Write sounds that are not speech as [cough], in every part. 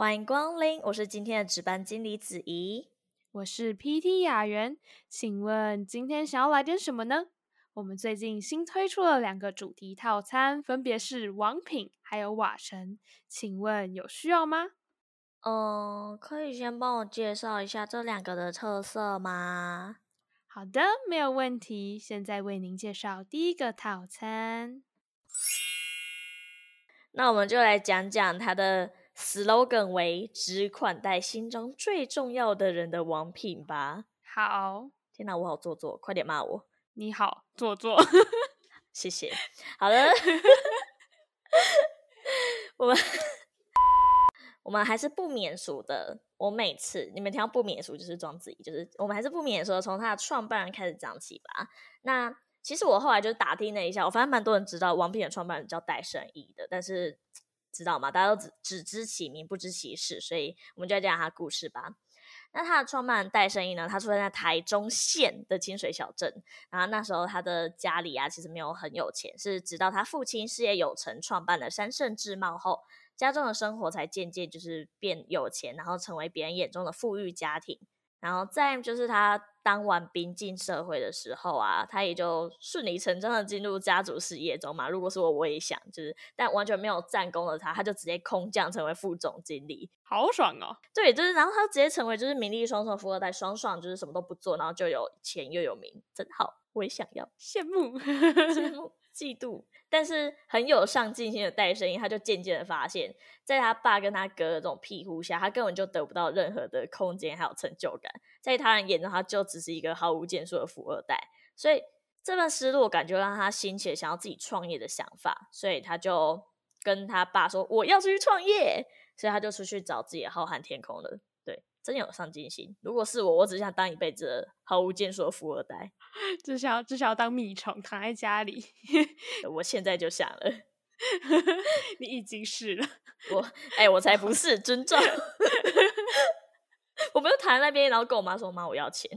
歡迎光臨，我是今天的值班經理子怡，我是 PT 雅媛，請問今天想要來點什麼呢？我們最近新推出了兩個主題套餐，分別是王品還有瓦城，請問有需要嗎？嗯，可以先幫我介紹一下這兩個的特色嗎？好的，沒有問題，現在為您介紹第一個套餐，那我們就來講講它的 slogan 為“只款待心中最重要的人”的王品吧。好，天哪，我好做作，快點罵我。你好，做作， [laughs] 謝謝。好了， [laughs] [laughs] 我們我們還是不免俗的。我每次你們聽到不免俗，就是莊子怡，就是我們還是不免俗從他的創辦人開始講起吧。那其實我後來就打聽了一下，我發現蠻多人知道王品的創辦人叫戴勝益的，但是。知道嗎？大家都只只知其名，不知其事，所以我們就要講他故事吧。那他的創辦人戴勝益呢？他出生在台中縣的清水小鎮，然後那時候他的家裡啊，其實沒有很有錢，是直到他父親事業有成，創辦了三盛製帽後，家中的生活才漸漸就是變有錢，然後成為別人眼中的富裕家庭。然後再就是他當完兵進社會的時候啊，他也就順理成章的進入家族事業中嘛。如果是我，我也想，就是但完全沒有戰功的他，他就直接空降成為副總經理，好爽哦！對，就是然後他就直接成為就是名利雙收富二代，雙雙就是什麼都不做，然後就有錢又有名，真好，我也想要，羨慕， [laughs] 羨慕。嫉妒，但是很有上進心的戴勝益，他就漸漸的發現，在他爸跟他哥的這種庇護下，他根本就得不到任何的空間，還有成就感。在他人眼中，他就只是一個毫無建樹的富二代。所以，這份失落感就讓他心切，想要自己創業的想法。所以，他就跟他爸說：“我要出去創業。”所以，他就出去找自己的浩瀚天空了。對，真有上進心。如果是我，我只想當一輩子毫無建樹的富二代，只想，只想當米蟲，躺在家裡 [laughs] 。我現在就想了， [laughs] 你已經是了。我，哎、欸，我才不是，尊重。 [laughs] [laughs] 我沒有躺在那邊，然後跟我媽說：“媽，我要錢。”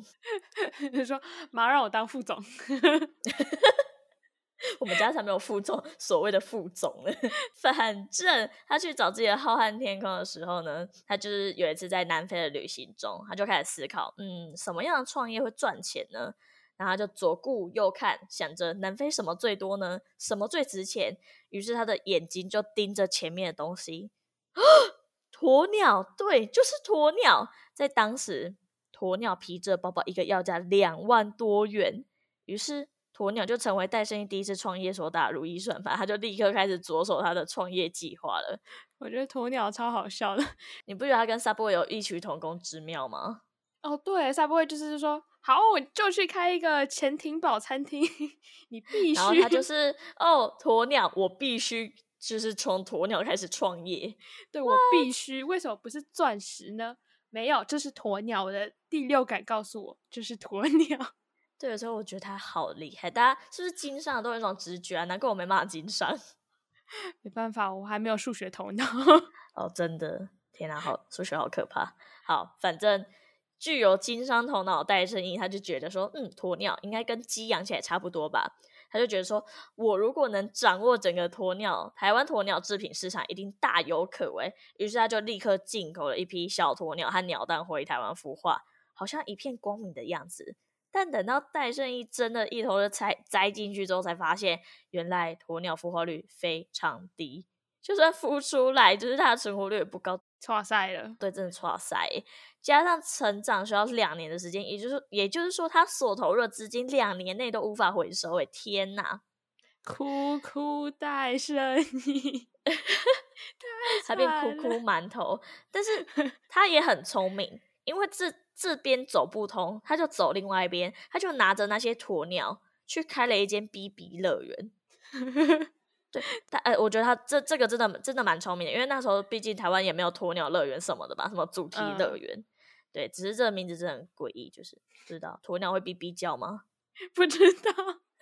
你說：“媽，讓我當副總。 [laughs] ” [laughs] [laughs] 我們家才沒有副總，所謂的副總 [laughs] 反正他去找自己的浩瀚天空的時候呢，他就是有一次在南非的旅行中，他就開始思考，嗯，什麼樣的創業會賺錢呢？然後他就左顧右看，想着南非什麼最多呢？什麼最值錢？於是他的眼睛就盯着前面的東西啊，鴕鳥，對，就是鴕鳥。在當時，鴕鳥皮製包包一個要價兩萬多元，於是。鴕鳥就成為戴勝益第一次創業所打如意算盤，他就立刻開始着手他的創業計劃了。我覺得鴕鳥超好笑的，你不覺得他跟 Subway 有異曲同工之妙嗎？哦，對 Subway 就是說，好，我就去開一個潛艇堡餐廳，你必須。然後他就是，哦，鴕鳥，我必須就是從鴕鳥開始創業，對我必須。為什麼不是鑽石呢？沒有，這、就是鴕鳥，我的第六感告訴我，這、就是鴕鳥。對，所以，時我覺得他好厲害，大家是不是經商都有一種直覺啊？難怪我沒辦法經商，沒辦法，我還沒有數學頭腦。哦，真的，天哪，好，數學好可怕。好，反正具有經商頭腦戴勝益，他就覺得說，嗯，鴕鳥應該跟雞養起來差不多吧？他就覺得說我如果能掌握整個鴕鳥台灣鴕鳥製品市場，一定大有可為。於是他就立刻進口了一批小鴕鳥和鳥蛋回台灣孵化，好像一片光明的樣子。但等到戴勝益真的，一頭的栽栽進去之後，才發現原來鴕鳥孵化率非常低，就算孵出來，就是它的存活率也不高，挫賽了。對，真的挫賽。加上成長需要是兩年的時間，也就是說，也就是說，他所投入的資金兩年內都無法回收。哎，天吶，哭哭戴勝益，他 [laughs] 變哭哭饅頭。但是他也很聰明，因為這。這邊走不通，他就走另外一邊。他就拿着那些鴕鳥去開了一間 BB 樂園。對，他、欸、我覺得他這這個真的真的蠻聰明的，因為那時候畢竟台灣也沒有鴕鳥樂園什麼的吧，什麼主題樂園、呃。對，只是這個名字真的很詭異，就是不知道鴕鳥會“嗶嗶”叫嗎？不知道，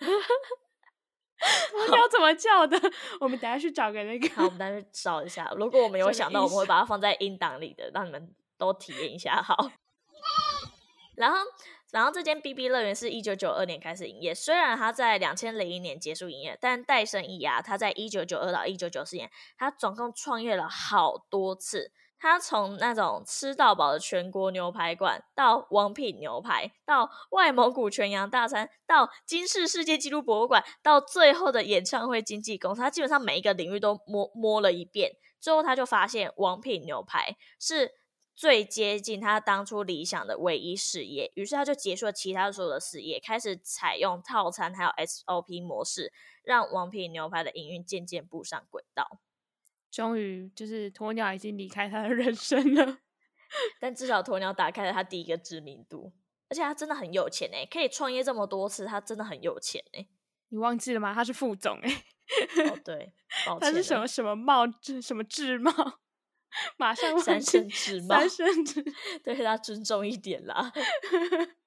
鴕 [laughs] 鳥怎麼叫的？我們等下去找個那個，好，我們待會去找一下。如果我們有想到，我們會把它放在音檔裡的，讓你們都體驗一下。好。然後，然後這間 B B 樂園是一九九二年開始營業。雖然他在二千零一年結束營業，但戴勝益啊，他在一九九二到一九九四年，他總共創業了好多次。他從那種吃到飽的全國牛排館，到王品牛排，到外蒙古全羊大餐，到金氏世界紀錄博物館，到最後的演唱會經紀公司，他基本上每一個領域都摸摸了一遍。最後，他就發現王品牛排是最接近他當初理想的唯一事業，於是他就結束了其他所有的事業，開始採用套餐還有 SOP 模式，讓王品牛排的營運漸漸步上軌道。終於，就是鴕鳥已經離開他的人生了， [laughs] 但至少鴕鳥打開了他第一個知名度，而且他真的很有錢哎、欸，可以創業這麼多次，他真的很有錢哎、欸。你忘記了嗎？他是副總哎、欸， [laughs] 哦對，抱歉，他是什麼什麼帽子什麼製帽。馬上三生智茂，三生智，對他尊重一點啦。 [laughs]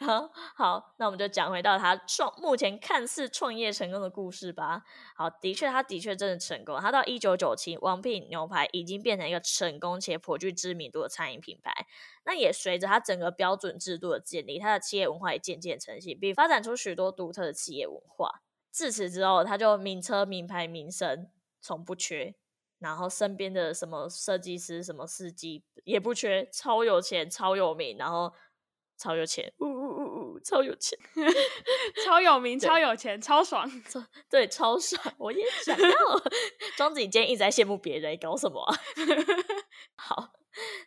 好，好，那我們就講回到他創目前看似創業成功的故事吧。好，的確，他的確真的成功。他到一九九七，王品牛排已經變成一個成功且頗具知名度的餐飲品牌。那也隨着他整個標準制度的建立，他的企業文化也漸漸成型，並發展出許多獨特的企業文化。自此之後，他就名車、名牌、名聲從不缺。然後身邊的什麼設計師、什麼司機也不缺，超有錢，超有名，然後超有錢，嗚，嗚嗚嗚嗚，超有錢， [laughs] 超有名，超有錢，超爽超，對，超爽。我也想要。 [laughs] 莊子今天一直在羨慕別人，搞什麼、啊？好，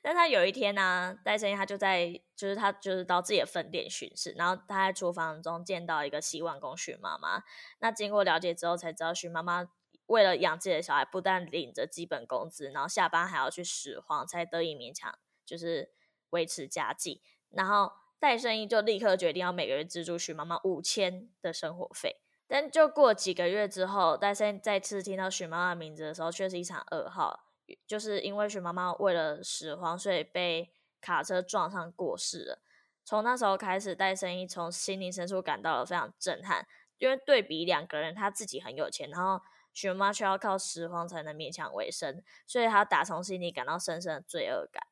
但他有一天呢，啊，戴勝益他就在，就是他就是到自己的分店巡視，然後他在廚房中見到一個洗碗工徐媽媽。那經過了解之後，才知道徐媽媽。為了養自己的小孩，不但領着基本工資，然後下班還要去拾荒，才得以勉強就是維持家計。然後戴勝益就立刻決定要每個月資助許媽媽五千的生活費。但就過幾個月之後，戴勝益再次聽到許媽媽的名字的時候，卻是一場噩耗，就是因為許媽媽為了拾荒，所以被卡車撞上過世了。從那時候開始，戴勝益從心靈深處感到了非常震撼，因為對比兩個人，他自己很有錢，然後。許媽卻要靠拾荒，才能勉強維生，所以他打從心裡感到深深的罪惡感。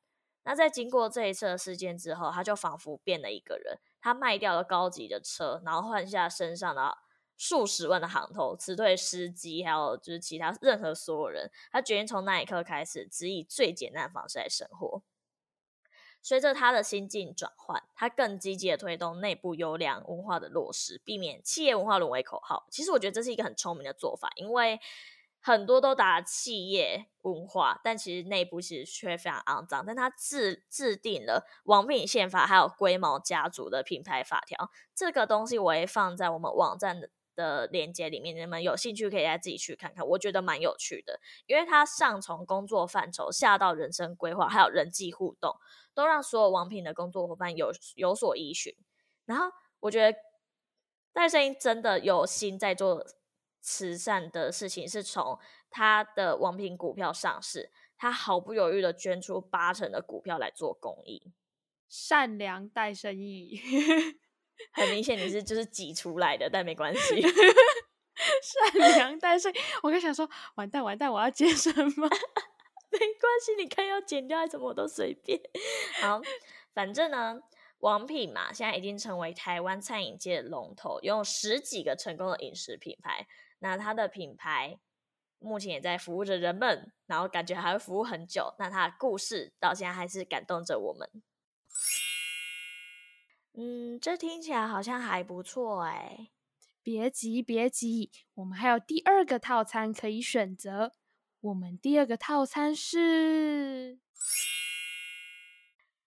那在經過這一次的事件之後，他就仿佛變了一個人。他賣掉了高級的車，然後換下身上的數十萬的行頭，辭退司機，還有就是其他任何所有人。他決定從那一刻開始，只以最簡單的方式來生活。隨着他的心境轉換，他更積極的推動內部優良文化的落實，避免企業文化淪為口號。其實我覺得這是一個很聰明的做法，因為很多都打企業文化，但其實內部其實卻非常骯髒。但他制制定了王品憲法，還有龜毛家族的品牌法條，這個東西我會放在我們網站的。的連結裡面，你們有興趣可以自己去看看，我覺得蠻有趣的，因為它，上從工作範疇，下到人生規劃，還有人際互動，都讓所有王品的工作夥伴有有所依循。然後我覺得戴勝益真的有心在做慈善的事情，是從他的王品股票上市，他毫不猶豫的捐出八成的股票來做公益，善良戴勝益。 [laughs] 很明顯你是就是擠出來的，但沒關係。 [laughs] 善良，但是我剛想說完蛋完蛋，我要接什麼？ [laughs] 沒關係，你看要剪掉還是什麼，我都隨便。好，反正呢，王品嘛，現在已經成為台灣餐飲界的龍頭，擁有十幾個成功的飲食品牌。那他的品牌目前也在服務着人們，然後感覺還會服務很久。那他的故事到現在還是感動着我們。嗯，這聽起來好像還不錯哎。別急，別急，我們還有第二個套餐可以選擇。我們第二個套餐是……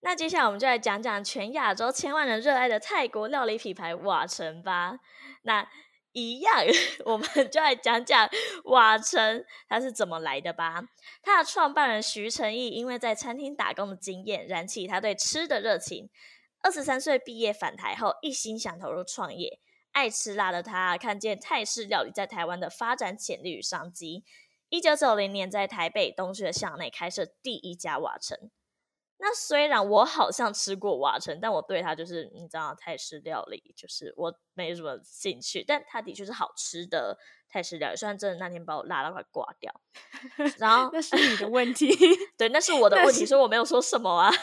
那接下來我們就來講講全亞洲千萬人熱愛的泰國料理品牌瓦城吧。那一樣，我們就來講講瓦城它是怎麼來的吧。它的創辦人徐承義，因為在餐廳打工的經驗，燃起他對吃的熱情。二十三歲畢業返台後，一心想投入創業。愛吃辣的他，看見泰式料理在台灣的發展潛力與商機。一九九零年，在台北東區的巷內開設第一家瓦城。那雖然我好像吃過瓦城，但我對他就是你知道啊，泰式料理就是我沒什麼興趣。但它的確是好吃的泰式料理，雖然真的那天把我辣到快掛掉。然後 [laughs] 那是你的問題。 [laughs] 對，那是我的問題，所以我沒有說什麼啊。 [laughs]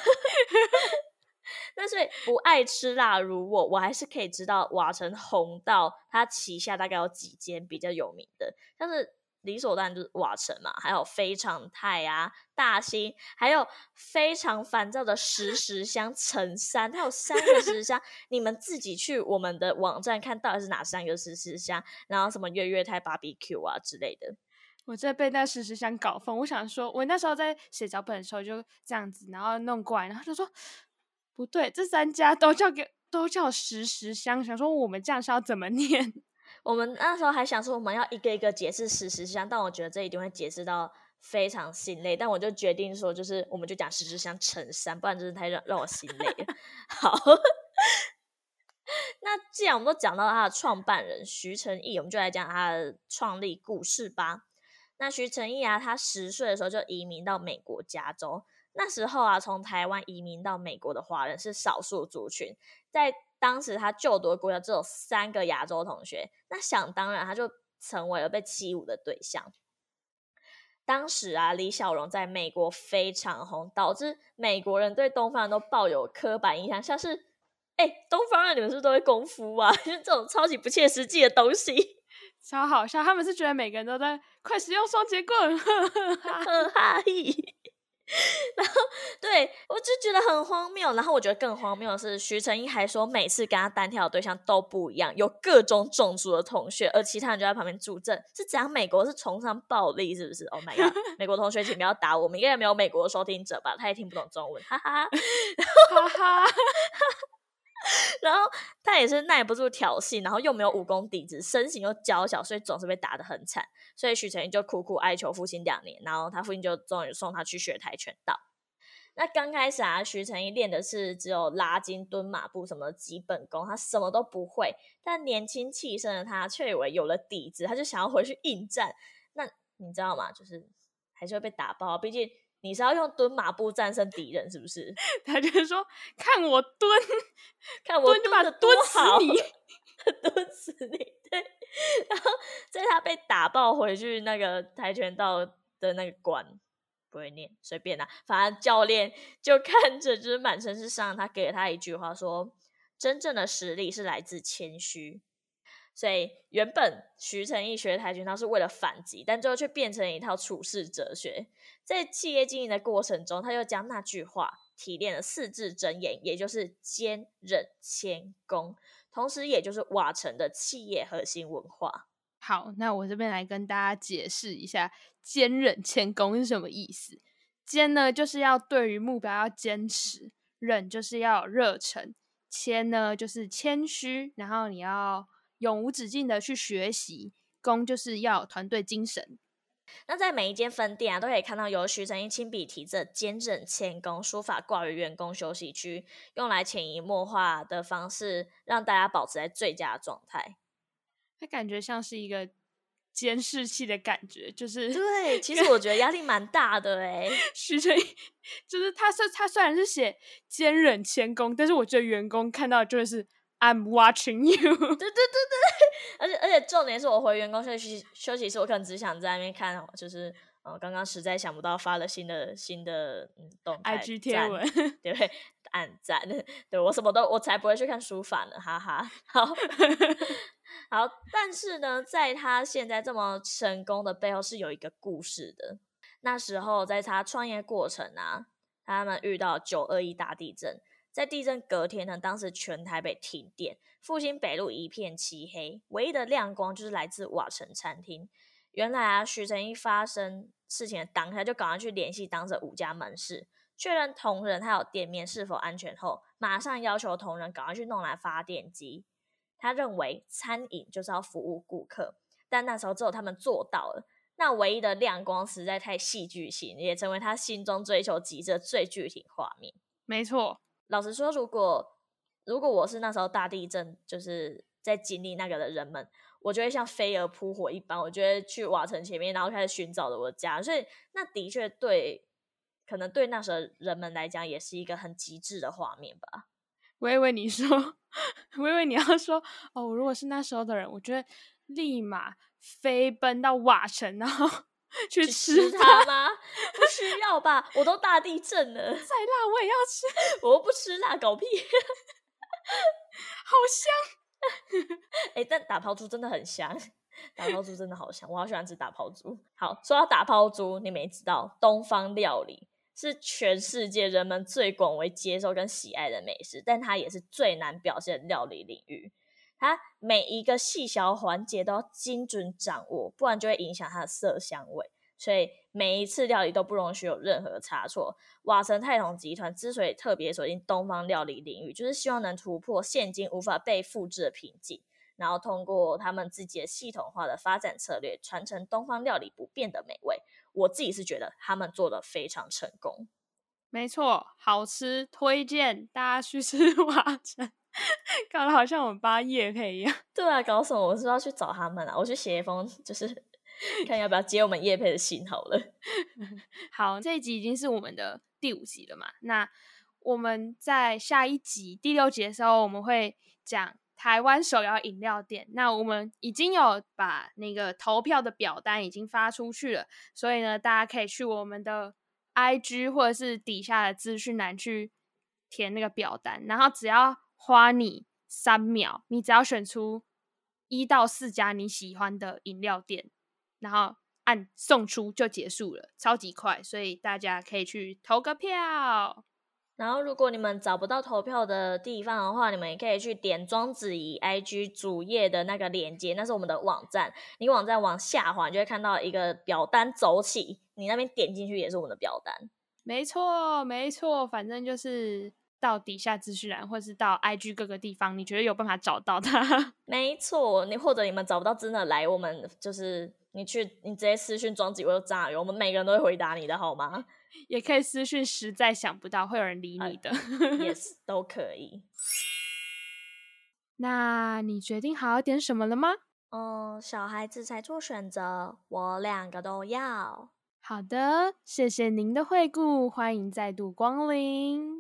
但 [laughs] 是不愛吃辣如我，如果我還是可以知道瓦城紅道，它旗下大概有幾間比較有名的。但是理所當然就是瓦城嘛，還有非常泰啊、大興，還有非常煩躁的十十香城山，它有三個十香。 [laughs] 你們自己去我們的網站看到底是哪三個十十香，然後什麼月月泰 B B Q 啊之類的。我在被那十十香搞瘋，我想說，我那時候在寫腳本的時候就這樣子，然後弄過來，然後就說。不對，這三家都叫給都叫十十香，想說我們這樣是要怎麼唸？我們那時候還想說我們要一個一個解釋十十香，但我覺得這一定會解釋到非常心累。但我就決定說，就是我們就講十十香成三，不然真的太讓讓我心累了。 [laughs] 好， [laughs] 那既然我們都講到他的創辦人徐承義，我們就來講他的創立故事吧。那徐承義啊，他十歲的時候就移民到美國加州。那時候啊，從台灣移民到美國的華人是少數族群，在當時他就讀的國家只有三個亞洲同學，那想當然他就成為了被欺侮的對象。當時啊，李小龍在美國非常紅，導致美國人對東方人都抱有刻板印象，像是“哎、欸，東方人你們是不是都會功夫啊？”這種超級不切實際的東西，超好笑。他們是覺得每個人都在快使用雙截棍。呵呵 [laughs] [laughs] 然後對，我就覺得很荒謬，然後我覺得更荒謬的是，徐承義還說每次跟他單挑的對象都不一樣，有各種種族的同學，而其他人就在旁邊助陣，是講美國是崇尚暴力，是不是？Oh my god， [laughs] 美國同學請不要打我們，因為沒有美國的收聽者吧，他也聽不懂中文，哈哈，哈哈，哈哈。 [laughs] 然後他也是耐不住挑釁，然後又沒有武功底子，身形又嬌小，所以總是被打得很慘。所以徐承義就苦苦哀求父親兩年，然後他父親就終於送他去學跆拳道。那剛開始啊，徐承義練的是只有拉筋、蹲馬步什麼的基本功，他什麼都不會。但年輕氣盛的他卻以為有了底子，他就想要回去應戰。那你知道嗎？就是還是會被打爆，畢竟。你是要用蹲馬步戰勝敵人，是不是？他就說看我蹲，看我蹲的，蹲,蹲死你， [laughs] 蹲死你。對，然後在他被打爆回去那個跆拳道的那個館，不會念，隨便啦。反正教練就看着，就是滿身是傷，他給了他一句話說：“真正的實力是來自謙虛。”所以原本徐承義學的跆拳道是為了反擊，但最後卻變成了一套處世哲學。在企業經營的過程中，他又將那句話提煉了四字箴言，也就是“堅忍、謙恭”，同時也就是瓦城的企業核心文化。好，那我這邊來跟大家解釋一下“堅忍、謙恭”是什麼意思。堅呢，就是要對於目標要堅持；忍就是要熱忱；謙呢，就是謙虛。然後你要，永無止境的去學習，工就是要有團隊精神。那在每一間分店啊，都可以看到由徐晨英親筆題着“堅忍謙恭”書法掛於員工休息區，用來潛移默化的方式，讓大家保持在最佳的狀態。他感覺像是一個監視器的感覺，就是對。其實我覺得壓力蠻大的哎、欸。 [laughs] 徐晨，就是他，是他雖然是寫“堅忍謙恭”，但是我覺得員工看到的就是。I'm watching you。對對對對，而且而且重點是我回員工休息休息室，我可能只想在那邊看，就是呃，剛剛實在想不到發了新的新的嗯動態，IG 貼文，對不對？按讚，對我什麼都我才不會去看書法呢，哈哈。好，好，但是呢，在他現在這麼成功的背後是有一個故事的。那時候在他創業過程啊，他們遇到九二一大地震。在地震隔天呢，當時全台北停電，復興北路一片漆黑，唯一的亮光就是來自瓦城餐廳。原來啊，徐承義發生事情的當下就趕快去聯繫當時五家門市，確認同仁還有店面是否安全後，馬上要求同仁趕快去弄來發電機。他認為餐飲就是要服務顧客，但那時候只有他們做到了。那唯一的亮光實在太戲劇性，也成為他心中追求極致最具體畫面。沒錯。老實說，如果如果我是那時候大地震，就是在經歷那個的人們，我就會像飛蛾撲火一般，我就會去瓦城前面，然後開始尋找着我家。所以那的確對，可能對那時候人們來講也是一個很極致的畫面吧。我以為你說，我以為你要說哦，如果是那時候的人，我覺得立馬飛奔到瓦城，然後。去吃它嗎？ [laughs] 不需要吧，我都大地震了，再辣我也要吃。我不吃辣，狗屁。 [laughs] 好香。 [laughs] 欸、但打拋豬真的很香，打拋豬真的好香，我好喜歡吃打拋豬。好，說到打拋豬，你們知道，東方料理是全世界人們最廣為接受跟喜愛的美食，但它也是最難表現的料理領域。它每一個細小環節都要精準掌握，不然就會影響它的色香味。所以每一次料理都不容許有任何差錯。瓦城泰統集團之所以特別走進東方料理領域，就是希望能突破現今無法被複製的瓶頸，然後通過他們自己的系統化的發展策略，傳承東方料理不變的美味。我自己是覺得他們做的非常成功。沒錯，好吃，推薦大家去吃瓦城。 [laughs] 搞得好像我們幫業配一樣，對啊，搞什麼？我是要去找他們啊！我去寫一封，就是看要不要接我們業配的信好了。 [laughs] 好，這一集已經是我們的第五集了嘛？那我們在下一集第六集的時候，我們會講台灣手搖飲料店。那我們已經有把那個投票的表單已經發出去了，所以呢，大家可以去我們的 IG 或者是底下的資訊欄去填那個表單，然後只要，花你三秒，你只要選出一到四家你喜歡的飲料店，然後按送出就結束了，超級快，所以大家可以去投個票。然後如果你們找不到投票的地方的話，你們也可以去點莊子怡 IG 主頁的那個鏈接，那是我們的網站。你網站往下滑你就會看到一個表單走起，你那邊點進去也是我們的表單。沒錯，沒錯，反正就是。到底下資訊欄，或是到 I G 各個地方，你覺得有辦法找到他。沒錯，你或者你們找不到真的來，我們就是你去，你直接私訊裝幾位炸魚，我們每個人都會回答你的好嗎？也可以私訊，實在想不到會有人理你的。uh,，yes 都可以。 [laughs] 那你決定好點什麼了嗎？嗯、uh,，小孩子才做選擇，我兩個都要。好的，謝謝您的惠顧，歡迎再度光臨。